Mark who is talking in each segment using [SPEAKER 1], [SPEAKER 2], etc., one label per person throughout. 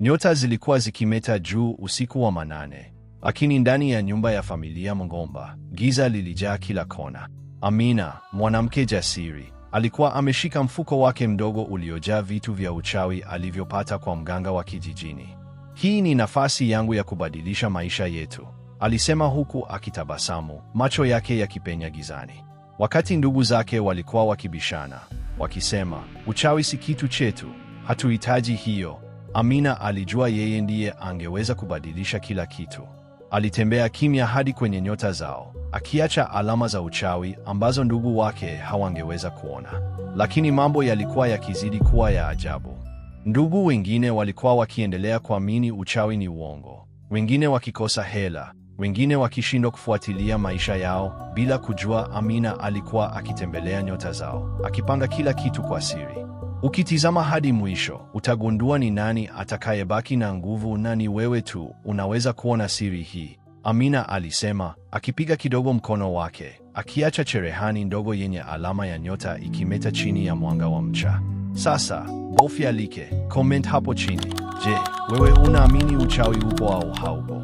[SPEAKER 1] Nyota zilikuwa zikimeta juu usiku wa manane, lakini ndani ya nyumba ya familia Mngomba giza lilijaa kila kona. Amina, mwanamke jasiri, alikuwa ameshika mfuko wake mdogo uliojaa vitu vya uchawi alivyopata kwa mganga wa kijijini. Hii ni nafasi yangu ya kubadilisha maisha yetu, alisema huku akitabasamu, macho yake yakipenya gizani. Wakati ndugu zake walikuwa wakibishana, wakisema, uchawi si kitu chetu, hatuhitaji hiyo Amina alijua yeye ndiye angeweza kubadilisha kila kitu. Alitembea kimya hadi kwenye nyota zao, akiacha alama za uchawi ambazo ndugu wake hawangeweza kuona. Lakini mambo yalikuwa yakizidi kuwa ya ajabu. Ndugu wengine walikuwa wakiendelea kuamini uchawi ni uongo, wengine wakikosa hela, wengine wakishindwa kufuatilia maisha yao, bila kujua Amina alikuwa akitembelea nyota zao, akipanga kila kitu kwa siri. Ukitizama hadi mwisho, utagundua ni nani atakayebaki na nguvu na ni wewe tu unaweza kuona siri hii. Amina alisema akipiga kidogo mkono wake, akiacha cherehani ndogo yenye alama ya nyota ikimeta chini ya mwanga wa mcha. Sasa bofya like, comment hapo chini. Je, wewe unaamini uchawi upo au haupo?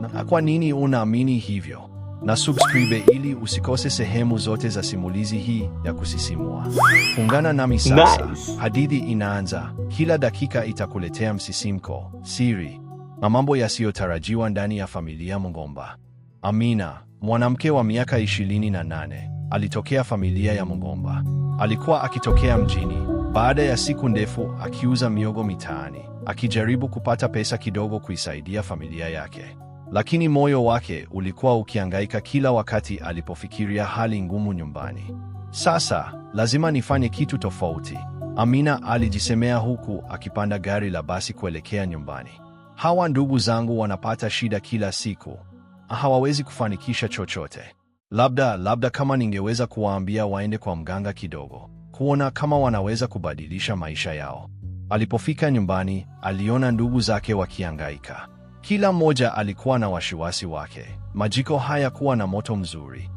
[SPEAKER 1] Na kwa nini unaamini hivyo? na subscribe ili usikose sehemu zote za simulizi hii ya kusisimua. Ungana nami sasa, nice. Hadithi inaanza. Kila dakika itakuletea msisimko, siri na mambo yasiyotarajiwa ndani ya familia Mungomba. Amina, mwanamke wa miaka 28 na nane, alitokea familia ya Mungomba. Alikuwa akitokea mjini baada ya siku ndefu akiuza miogo mitaani, akijaribu kupata pesa kidogo kuisaidia familia yake lakini moyo wake ulikuwa ukiangaika kila wakati alipofikiria hali ngumu nyumbani. Sasa lazima nifanye kitu tofauti, Amina alijisemea, huku akipanda gari la basi kuelekea nyumbani. Hawa ndugu zangu wanapata shida kila siku, hawawezi kufanikisha chochote. Labda labda kama ningeweza kuwaambia waende kwa mganga kidogo, kuona kama wanaweza kubadilisha maisha yao. Alipofika nyumbani, aliona ndugu zake wakiangaika. Kila mmoja alikuwa na wasiwasi wake. Majiko hayakuwa na moto mzuri,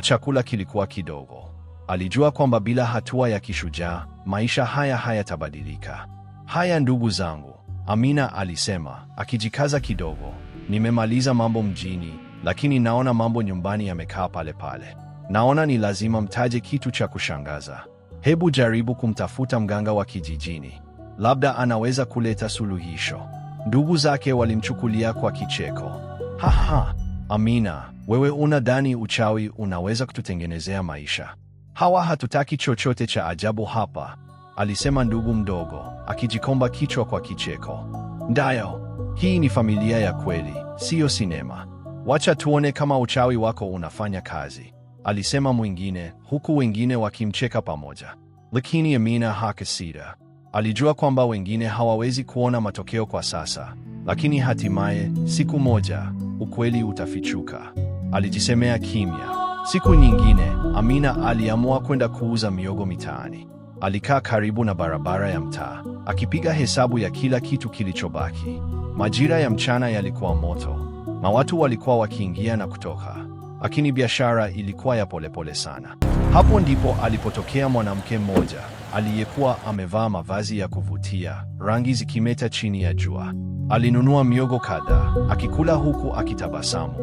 [SPEAKER 1] chakula kilikuwa kidogo. Alijua kwamba bila hatua ya kishujaa maisha haya hayatabadilika. Haya ndugu zangu, Amina alisema akijikaza kidogo, nimemaliza mambo mjini, lakini naona mambo nyumbani yamekaa pale pale. Naona ni lazima mtaje kitu cha kushangaza. Hebu jaribu kumtafuta mganga wa kijijini, labda anaweza kuleta suluhisho. Ndugu zake walimchukulia kwa kicheko. Haha, Amina, wewe unadhani uchawi unaweza kututengenezea maisha? Hawa hatutaki chochote cha ajabu hapa, alisema ndugu mdogo akijikomba kichwa kwa kicheko. Ndayo, hii ni familia ya kweli, siyo sinema. Wacha tuone kama uchawi wako unafanya kazi, alisema mwingine, huku wengine wakimcheka pamoja, lakini Amina hakasita. Alijua kwamba wengine hawawezi kuona matokeo kwa sasa, lakini hatimaye siku moja ukweli utafichuka, alijisemea kimya. Siku nyingine Amina aliamua kwenda kuuza miogo mitaani. Alikaa karibu na barabara ya mtaa akipiga hesabu ya kila kitu kilichobaki. Majira ya mchana yalikuwa moto na watu walikuwa wakiingia na kutoka lakini biashara ilikuwa ya polepole pole sana. Hapo ndipo alipotokea mwanamke mmoja aliyekuwa amevaa mavazi ya kuvutia, rangi zikimeta chini ya jua. Alinunua miogo kadhaa, akikula huku akitabasamu.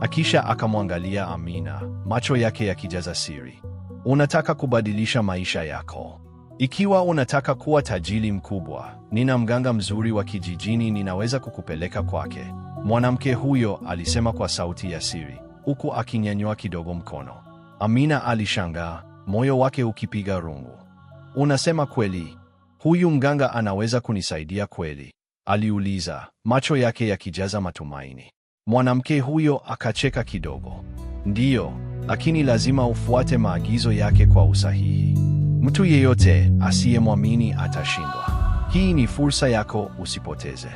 [SPEAKER 1] Akisha akamwangalia Amina, macho yake yakijaza siri. Unataka kubadilisha maisha yako. Ikiwa unataka kuwa tajiri mkubwa, nina mganga mzuri wa kijijini, ninaweza kukupeleka kwake, mwanamke huyo alisema kwa sauti ya siri huku akinyanyua kidogo mkono. Amina alishangaa, moyo wake ukipiga rungu. Unasema kweli? Huyu mganga anaweza kunisaidia kweli? Aliuliza, macho yake yakijaza matumaini. Mwanamke huyo akacheka kidogo. Ndiyo, lakini lazima ufuate maagizo yake kwa usahihi. Mtu yeyote asiyemwamini atashindwa. Hii ni fursa yako, usipoteze.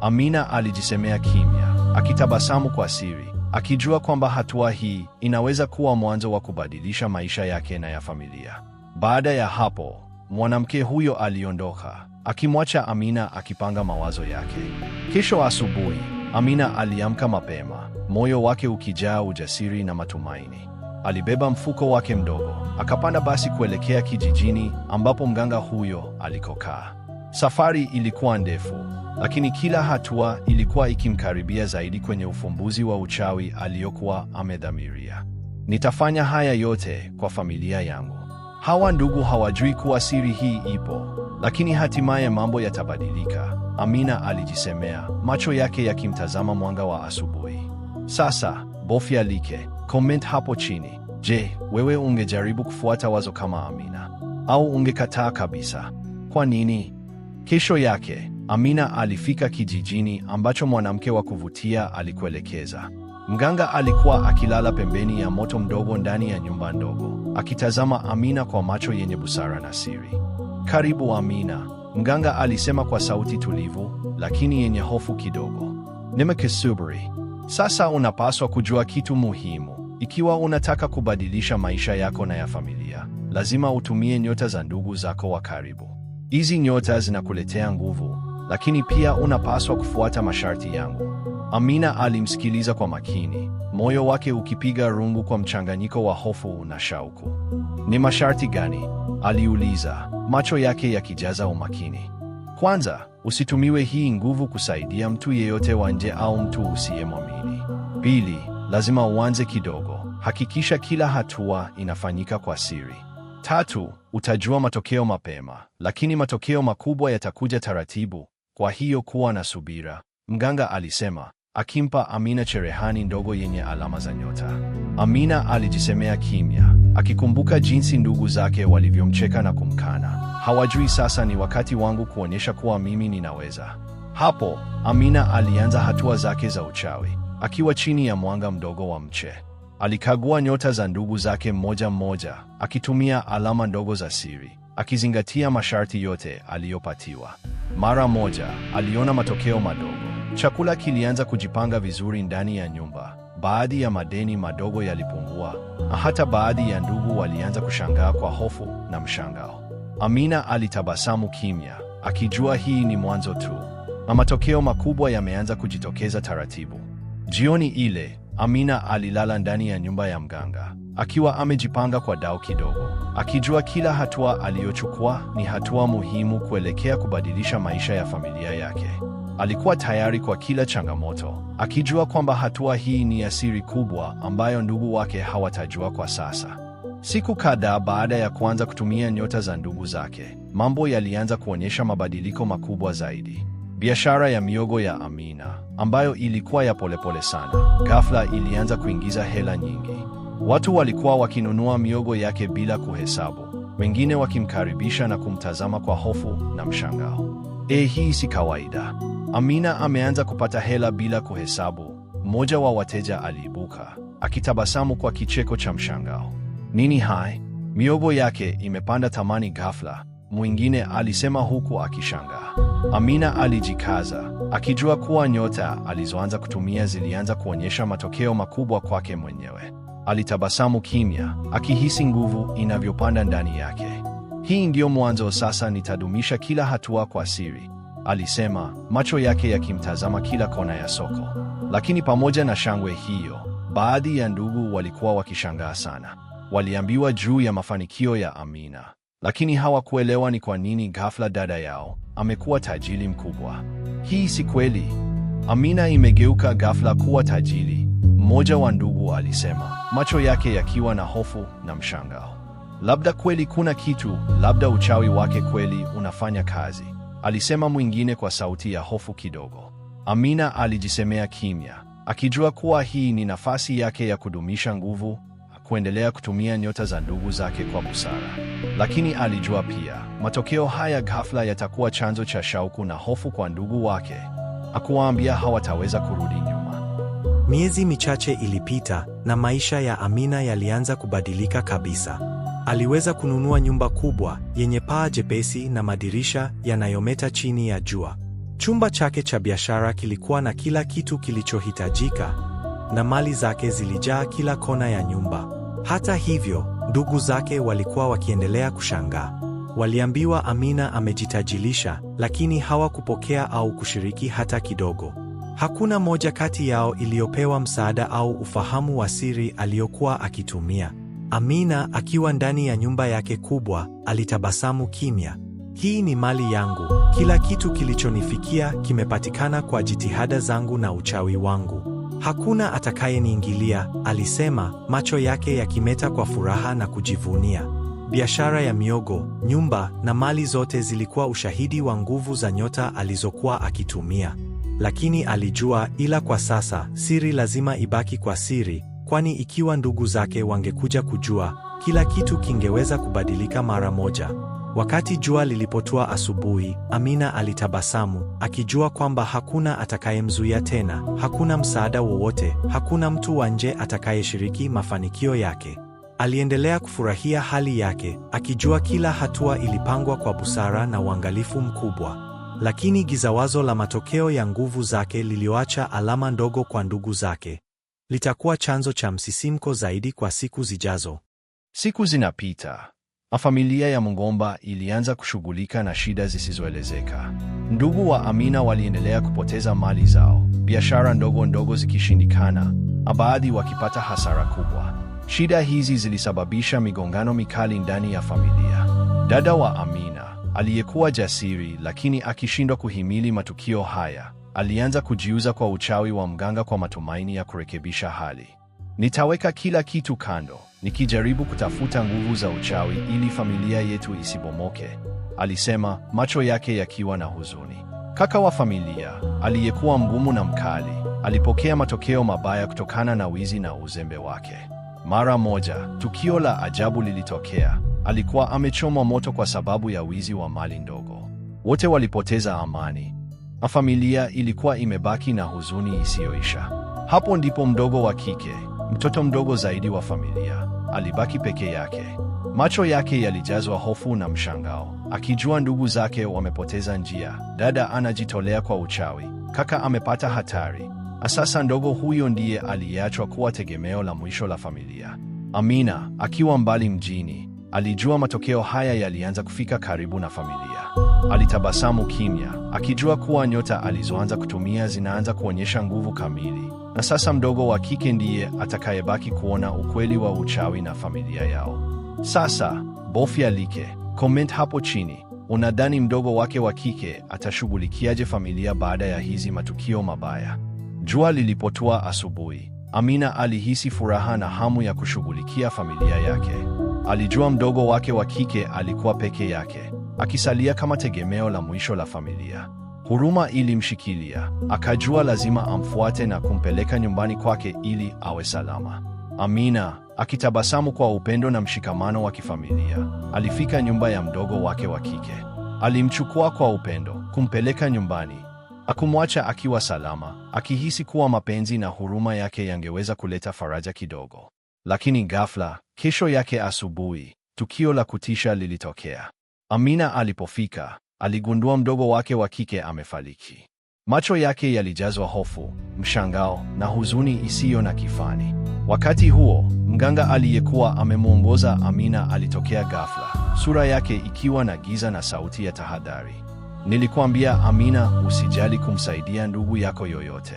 [SPEAKER 1] Amina alijisemea kimya, akitabasamu kwa siri akijua kwamba hatua hii inaweza kuwa mwanzo wa kubadilisha maisha yake na ya familia. Baada ya hapo, mwanamke huyo aliondoka akimwacha Amina akipanga mawazo yake. Kesho asubuhi, Amina aliamka mapema, moyo wake ukijaa ujasiri na matumaini. Alibeba mfuko wake mdogo, akapanda basi kuelekea kijijini ambapo mganga huyo alikokaa. Safari ilikuwa ndefu lakini kila hatua ilikuwa ikimkaribia zaidi kwenye ufumbuzi wa uchawi aliyokuwa amedhamiria. Nitafanya haya yote kwa familia yangu. Hawa ndugu hawajui kuwa siri hii ipo, lakini hatimaye mambo yatabadilika, Amina alijisemea, macho yake yakimtazama mwanga wa asubuhi. Sasa bofya like, comment hapo chini. Je, wewe ungejaribu kufuata wazo kama Amina au ungekataa kabisa? Kwa nini? Kesho yake Amina alifika kijijini ambacho mwanamke wa kuvutia alikuelekeza. Mganga alikuwa akilala pembeni ya moto mdogo ndani ya nyumba ndogo, akitazama Amina kwa macho yenye busara na siri. Karibu Amina, mganga alisema kwa sauti tulivu lakini yenye hofu kidogo. Nimekusubiri. Sasa unapaswa kujua kitu muhimu. Ikiwa unataka kubadilisha maisha yako na ya familia, lazima utumie nyota za ndugu zako wa karibu. Hizi nyota zinakuletea nguvu lakini pia unapaswa kufuata masharti yangu. Amina alimsikiliza kwa makini, moyo wake ukipiga rungu kwa mchanganyiko wa hofu na shauku. Ni masharti gani? aliuliza, macho yake yakijaza umakini. Kwanza, usitumiwe hii nguvu kusaidia mtu yeyote wa nje au mtu usiyemwamini. Pili, lazima uanze kidogo, hakikisha kila hatua inafanyika kwa siri. Tatu, utajua matokeo mapema, lakini matokeo makubwa yatakuja taratibu kwa hiyo kuwa na subira, mganga alisema, akimpa Amina cherehani ndogo yenye alama za nyota. Amina alijisemea kimya, akikumbuka jinsi ndugu zake walivyomcheka na kumkana. Hawajui sasa ni wakati wangu kuonyesha kuwa mimi ninaweza. Hapo Amina alianza hatua zake za uchawi, akiwa chini ya mwanga mdogo wa mche. Alikagua nyota za ndugu zake mmoja mmoja, akitumia alama ndogo za siri akizingatia masharti yote aliyopatiwa. Mara moja aliona matokeo madogo. Chakula kilianza kujipanga vizuri ndani ya nyumba, baadhi ya madeni madogo yalipungua, na hata baadhi ya ndugu walianza kushangaa kwa hofu na mshangao. Amina alitabasamu kimya, akijua hii ni mwanzo tu, na matokeo makubwa yameanza kujitokeza taratibu. Jioni ile, Amina alilala ndani ya nyumba ya mganga akiwa amejipanga kwa dau kidogo, akijua kila hatua aliyochukua ni hatua muhimu kuelekea kubadilisha maisha ya familia yake. Alikuwa tayari kwa kila changamoto, akijua kwamba hatua hii ni ya siri kubwa ambayo ndugu wake hawatajua kwa sasa. Siku kadhaa baada ya kuanza kutumia nyota za ndugu zake, mambo yalianza kuonyesha mabadiliko makubwa zaidi. Biashara ya miogo ya Amina, ambayo ilikuwa ya polepole sana, ghafla ilianza kuingiza hela nyingi. Watu walikuwa wakinunua miogo yake bila kuhesabu, wengine wakimkaribisha na kumtazama kwa hofu na mshangao. E, hii si kawaida. Amina ameanza kupata hela bila kuhesabu, mmoja wa wateja aliibuka akitabasamu kwa kicheko cha mshangao. Nini hai? Miogo yake imepanda thamani ghafla, mwingine alisema huku akishangaa. Amina alijikaza akijua kuwa nyota alizoanza kutumia zilianza kuonyesha matokeo makubwa kwake mwenyewe. Alitabasamu kimya, akihisi nguvu inavyopanda ndani yake. Hii ndiyo mwanzo, sasa nitadumisha kila hatua kwa siri, alisema, macho yake yakimtazama kila kona ya soko. Lakini pamoja na shangwe hiyo, baadhi ya ndugu walikuwa wakishangaa sana. Waliambiwa juu ya mafanikio ya Amina, lakini hawakuelewa ni kwa nini ghafla dada yao amekuwa tajiri mkubwa. Hii si kweli. Amina imegeuka ghafla kuwa tajiri. Mmoja wa ndugu alikuwa alisema, macho yake yakiwa na hofu na mshangao. Labda kweli kuna kitu, labda uchawi wake kweli unafanya kazi, alisema mwingine kwa sauti ya hofu kidogo. Amina alijisemea kimya, akijua kuwa hii ni nafasi yake ya kudumisha nguvu, kuendelea kutumia nyota za ndugu zake kwa busara. Lakini alijua pia matokeo haya ghafla yatakuwa chanzo cha shauku na hofu kwa ndugu wake. akuwaambia hawataweza kurudi nyuma.
[SPEAKER 2] Miezi michache ilipita na maisha ya Amina yalianza kubadilika kabisa. Aliweza kununua nyumba kubwa yenye paa jepesi na madirisha yanayometa chini ya jua. Chumba chake cha biashara kilikuwa na kila kitu kilichohitajika na mali zake zilijaa kila kona ya nyumba. Hata hivyo, ndugu zake walikuwa wakiendelea kushangaa. Waliambiwa Amina amejitajilisha, lakini hawakupokea au kushiriki hata kidogo. Hakuna moja kati yao iliyopewa msaada au ufahamu wa siri aliyokuwa akitumia. Amina akiwa ndani ya nyumba yake kubwa, alitabasamu kimya. Hii ni mali yangu. Kila kitu kilichonifikia kimepatikana kwa jitihada zangu na uchawi wangu. Hakuna atakayeniingilia, alisema, macho yake yakimeta kwa furaha na kujivunia. Biashara ya miogo, nyumba na mali zote zilikuwa ushahidi wa nguvu za nyota alizokuwa akitumia lakini alijua, ila kwa sasa siri lazima ibaki kwa siri, kwani ikiwa ndugu zake wangekuja kujua, kila kitu kingeweza kubadilika mara moja. Wakati jua lilipotua asubuhi, Amina alitabasamu, akijua kwamba hakuna atakayemzuia tena, hakuna msaada wowote, hakuna mtu wa nje atakayeshiriki mafanikio yake. Aliendelea kufurahia hali yake, akijua kila hatua ilipangwa kwa busara na uangalifu mkubwa lakini gizawazo la matokeo ya nguvu zake lilioacha alama ndogo kwa ndugu zake litakuwa chanzo cha msisimko zaidi kwa siku zijazo.
[SPEAKER 3] Siku zinapita. Mafamilia ya Mungomba ilianza kushughulika na shida zisizoelezeka. Ndugu wa Amina waliendelea kupoteza mali zao, biashara ndogo ndogo zikishindikana, na baadhi wakipata hasara kubwa. Shida hizi zilisababisha migongano mikali ndani ya familia. Dada wa Amina aliyekuwa jasiri lakini akishindwa kuhimili matukio haya, alianza kujiuza kwa uchawi wa mganga kwa matumaini ya kurekebisha hali. Nitaweka kila kitu kando, nikijaribu kutafuta nguvu za uchawi ili familia yetu isibomoke, alisema, macho yake yakiwa na huzuni. Kaka wa familia aliyekuwa mgumu na mkali alipokea matokeo mabaya kutokana na wizi na uzembe wake. Mara moja, tukio la ajabu lilitokea alikuwa amechomwa moto kwa sababu ya wizi wa mali ndogo. Wote walipoteza amani na familia ilikuwa imebaki na huzuni isiyoisha. Hapo ndipo mdogo wa kike, mtoto mdogo zaidi wa familia, alibaki peke yake. Macho yake yalijazwa hofu na mshangao, akijua ndugu zake wamepoteza njia, dada anajitolea kwa uchawi, kaka amepata hatari. Sasa ndogo huyo ndiye aliyeachwa kuwa tegemeo la mwisho la familia. Amina, akiwa mbali mjini, Alijua matokeo haya yalianza kufika karibu na familia. Alitabasamu kimya, akijua kuwa nyota alizoanza kutumia zinaanza kuonyesha nguvu kamili, na sasa mdogo wa kike ndiye atakayebaki kuona ukweli wa uchawi na familia yao. Sasa bofya like, comment hapo chini. Unadhani mdogo wake wa kike atashughulikiaje familia baada ya hizi matukio mabaya? Jua lilipotua asubuhi, Amina alihisi furaha na hamu ya kushughulikia familia yake. Alijua mdogo wake wa kike alikuwa peke yake, akisalia kama tegemeo la mwisho la familia. Huruma ilimshikilia, akajua lazima amfuate na kumpeleka nyumbani kwake ili awe salama. Amina, akitabasamu kwa upendo na mshikamano wa kifamilia, alifika nyumba ya mdogo wake wa kike. Alimchukua kwa upendo, kumpeleka nyumbani, akumwacha akiwa salama, akihisi kuwa mapenzi na huruma yake yangeweza kuleta faraja kidogo. Lakini ghafla, kesho yake asubuhi, tukio la kutisha lilitokea. Amina alipofika, aligundua mdogo wake wa kike amefariki. Macho yake yalijazwa hofu, mshangao na huzuni isiyo na kifani. Wakati huo, mganga aliyekuwa amemwongoza Amina alitokea ghafla, sura yake ikiwa na giza na sauti ya tahadhari. Nilikuambia Amina, usijali kumsaidia ndugu yako yoyote.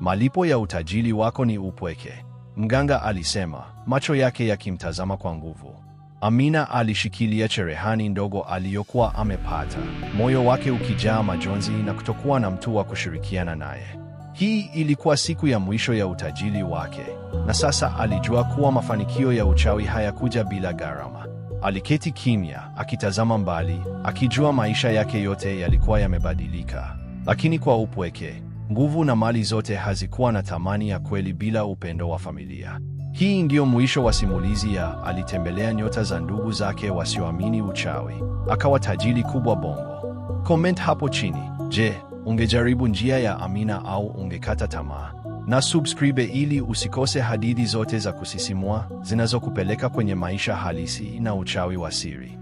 [SPEAKER 3] Malipo ya utajiri wako ni upweke mganga alisema, macho yake yakimtazama kwa nguvu. Amina alishikilia cherehani ndogo aliyokuwa amepata, moyo wake ukijaa majonzi na kutokuwa na mtu wa kushirikiana naye. Hii ilikuwa siku ya mwisho ya utajiri wake, na sasa alijua kuwa mafanikio ya uchawi hayakuja bila gharama. Aliketi kimya, akitazama mbali, akijua maisha yake yote yalikuwa yamebadilika, lakini kwa upweke. Nguvu na mali zote hazikuwa na thamani ya kweli bila upendo wa familia. Hii ndiyo mwisho wa simulizi ya alitembelea nyota za ndugu zake wasioamini uchawi, akawa tajiri kubwa Bongo. Comment hapo chini, je, ungejaribu njia ya Amina au ungekata tamaa? Na subscribe ili usikose hadithi zote za kusisimua zinazokupeleka kwenye maisha halisi na uchawi wa siri.